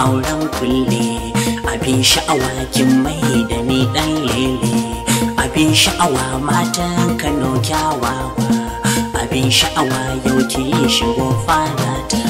auren kulle abin sha'awa kin mai da ni dan lele abin sha'awa matan Kano kyawawa abin sha'awa yau ki shigo fadata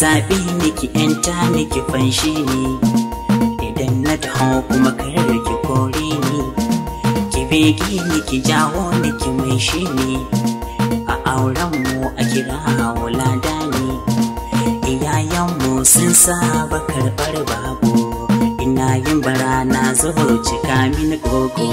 zaɓi niki yanta niki fanshi ni idan na taho kuma karar ki kore ni ki bege niki jawo niki mai shi ni a auren mu a kira lada ni iyayen mu sun saba karɓar babu ina yin bara na zuho cika mini gogo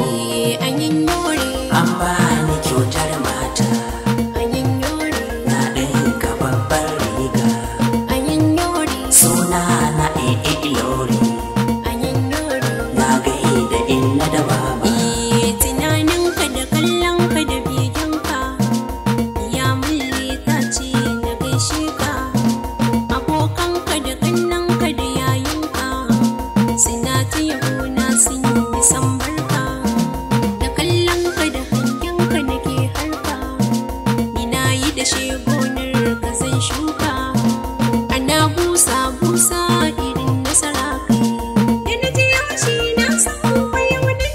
ce gonar ka zan shuka ana busa busa irin nasara kai da ji yashi na san bai wani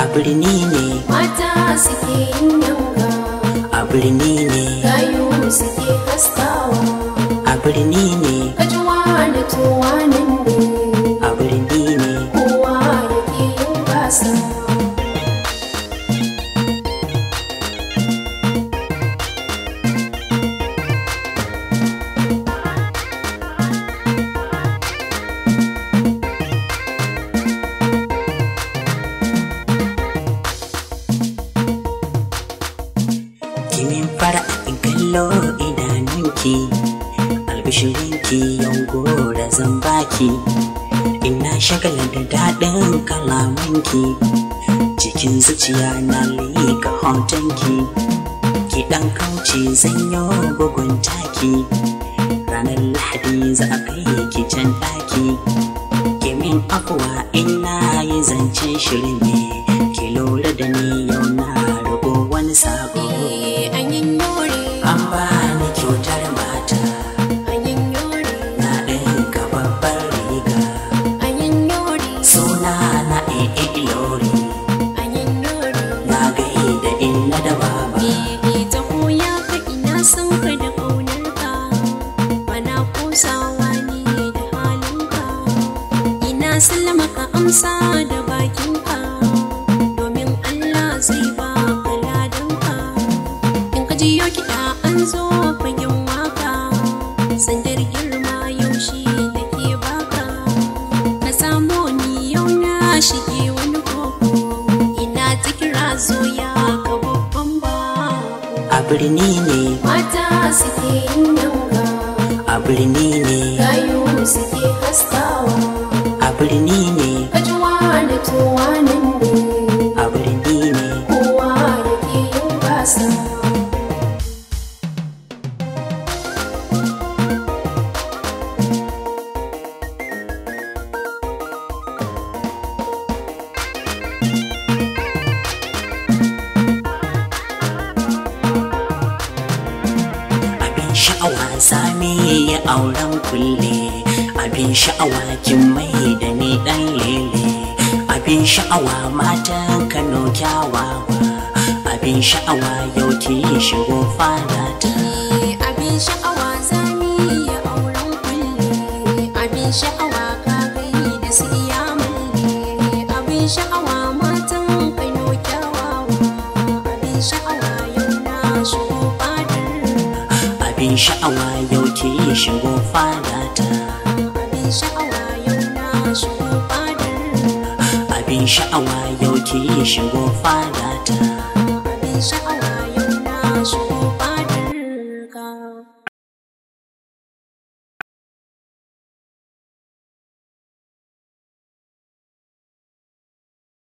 a birni ne mata suke yin yanga a birni ne gayu suke haskawa a birni ne kajuwa da tuwa nan ne jinin fara in kallo idanunki albishirinki yango da zambaki ina shagala da daɗin kalamanki cikin zuciya na liƙa hotonki ki ɗan kauce zanyo bugun taki ranar lahadi za a kai ki can ɗaki ki min afuwa ina yi zancen shirin ne ki lura da ni yau na rubo wani sabo an bani cutar mata na ɗinka babbar riga suna na ee lori na gai da inna da baba ta koya ka ina sauka da ƙaunarka bana kusawa ne da halinka ina salama ka amsa da bakinka sandar girma yau shi baka Na samo ni yau na shige wani koko ina tikira zoya ka babban ba a birni mata suke yin yanga a birni ne gayu suke haskawa a birni ne kajuwa da tuwa nan sha'awa sami ya auren kulle abin sha'awa kin mai da ni dan lele abin sha'awa matan kano kyawa abin sha'awa yau ki shigo fana ta abin sha'awa sami ya auren kulle abin sha'awa ka gani da su iya abin sha'awa sha'awa yau ke shigo fadata abin sha'awa yau na shigo fadata abin sha'awa yau ya shigo fadata abin sha'awa yau na shigo